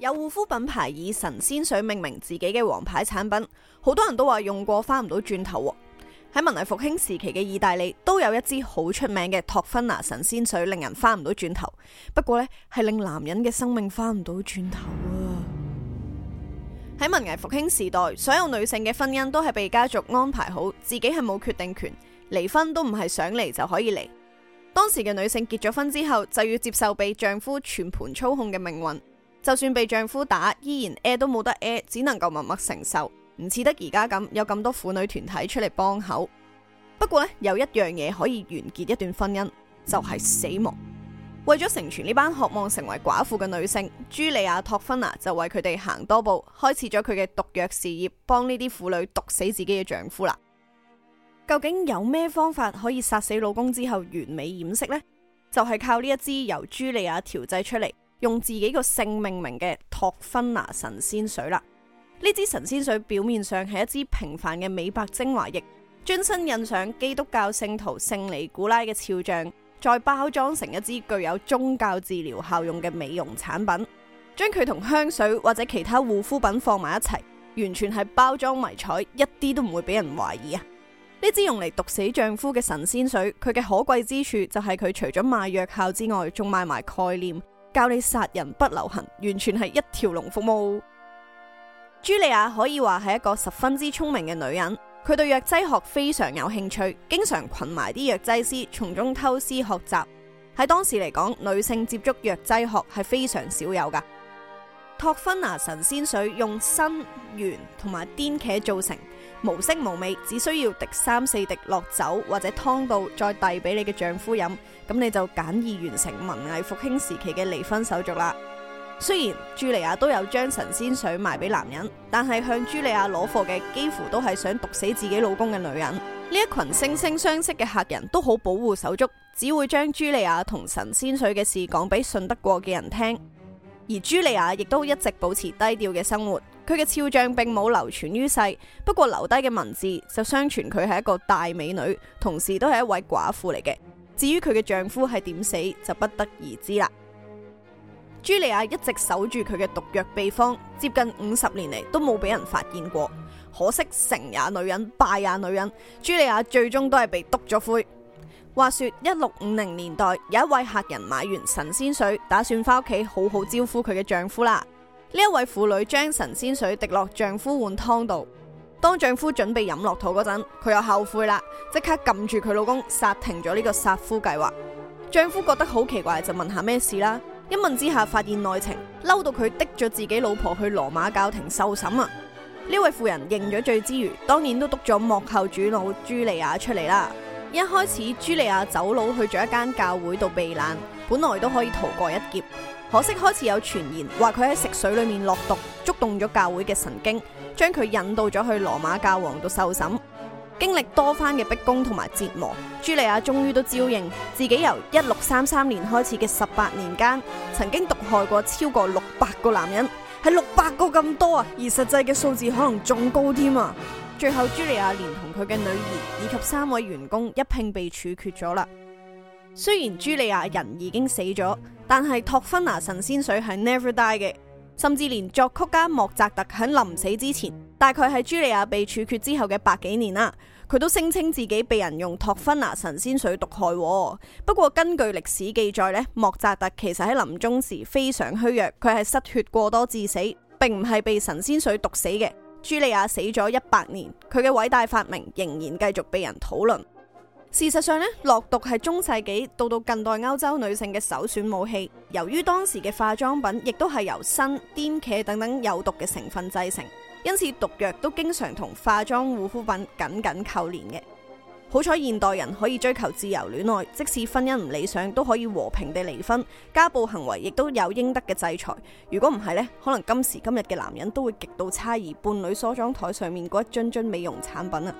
有護膚品牌以神仙水命名自己嘅皇牌產品，好多人都話用過翻唔到轉頭喎。喺文藝復興時期嘅意大利，都有一支好出名嘅托芬娜神仙水，令人翻唔到轉頭。不過呢，係令男人嘅生命翻唔到轉頭啊。喺 文藝復興時代，所有女性嘅婚姻都係被家族安排好，自己係冇決定權，離婚都唔係想離就可以離。當時嘅女性結咗婚之後，就要接受被丈夫全盤操控嘅命運。就算被丈夫打，依然哀都冇得哀，只能夠默默承受，唔似得而家咁有咁多婦女團體出嚟幫口。不過呢，有一樣嘢可以完結一段婚姻，就係死亡。為咗成全呢班渴望成為寡婦嘅女性，茱莉亞托芬娜就為佢哋行多步，開始咗佢嘅毒藥事業，幫呢啲婦女毒死自己嘅丈夫啦。究竟有咩方法可以殺死老公之後完美掩飾呢？就係靠呢一支由茱莉亞調製出嚟。用自己個姓命名嘅托芬娜神仙水啦。呢支神仙水表面上係一支平凡嘅美白精華液，樽身印上基督教聖徒聖尼古拉嘅肖像，再包裝成一支具有宗教治療效用嘅美容產品。將佢同香水或者其他護膚品放埋一齊，完全係包裝迷彩，一啲都唔會俾人懷疑啊！呢支用嚟毒死丈夫嘅神仙水，佢嘅可貴之處就係佢除咗賣藥效之外，仲賣埋概念。教你殺人不留痕，完全係一條龍服務。茱莉亞可以話係一個十分之聰明嘅女人，佢對藥劑學非常有興趣，經常群埋啲藥劑師，從中偷師學習。喺當時嚟講，女性接觸藥劑學係非常少有噶。托芬拿神仙水用新鉛同埋癲茄做成，無色無味，只需要滴三四滴落酒或者湯度，再遞俾你嘅丈夫飲，咁你就簡易完成文藝復興時期嘅離婚手續啦。雖然茱莉亞都有將神仙水賣俾男人，但係向茱莉亞攞貨嘅幾乎都係想毒死自己老公嘅女人。呢一群惺惺相惜嘅客人都好保護手足，只會將茱莉亞同神仙水嘅事講俾信得過嘅人聽。而茱莉亞亦都一直保持低調嘅生活，佢嘅肖像並冇流傳於世，不過留低嘅文字就相傳佢係一個大美女，同時都係一位寡婦嚟嘅。至於佢嘅丈夫係點死就不得而知啦。茱莉亞一直守住佢嘅毒藥秘方，接近五十年嚟都冇俾人發現過。可惜成也女人，敗也女人，茱莉亞最終都係被篤咗灰。話說一六五零年代，有一位客人買完神仙水，打算返屋企好好招呼佢嘅丈夫啦。呢一位婦女將神仙水滴落丈夫碗湯度，當丈夫準備飲落肚嗰陣，佢又後悔啦，即刻撳住佢老公剎停咗呢個殺夫計劃。丈夫覺得好奇怪，就問下咩事啦。一問之下，發現內情，嬲到佢督咗自己老婆去羅馬教廷受審啊！呢位婦人認咗罪之餘，當然都督咗幕後主腦朱莉亞出嚟啦。一開始茱莉亞走佬去咗一間教會度避難，本來都可以逃過一劫，可惜開始有傳言話佢喺食水裏面落毒，觸動咗教會嘅神經，將佢引導咗去羅馬教皇度受審，經歷多番嘅逼供同埋折磨，茱莉亞終於都招認自己由一六三三年開始嘅十八年間，曾經毒害過超過六百個男人，係六百個咁多啊，而實際嘅數字可能仲高添啊！最後，茱莉亞連同佢嘅女兒以及三位員工一併被處決咗啦。雖然茱莉亞人已經死咗，但係托芬娜神仙水係 never die 嘅，甚至連作曲家莫扎特喺臨死之前，大概係茱莉亞被處決之後嘅百幾年啦，佢都聲稱自己被人用托芬娜神仙水毒害。不過根據歷史記載咧，莫扎特其實喺臨終時非常虛弱，佢係失血過多致死，並唔係被神仙水毒死嘅。茱莉亞死咗一百年，佢嘅偉大發明仍然繼續被人討論。事實上呢，落毒係中世紀到到近代歐洲女性嘅首選武器。由於當時嘅化妝品亦都係由砷、顛茄等等有毒嘅成分製成，因此毒藥都經常同化妝護膚品緊緊扣連嘅。好彩現代人可以追求自由戀愛，即使婚姻唔理想都可以和平地離婚，家暴行為亦都有應得嘅制裁。如果唔係呢，可能今時今日嘅男人都會極度猜疑伴侶梳妝台上面嗰一樽樽美容產品啊！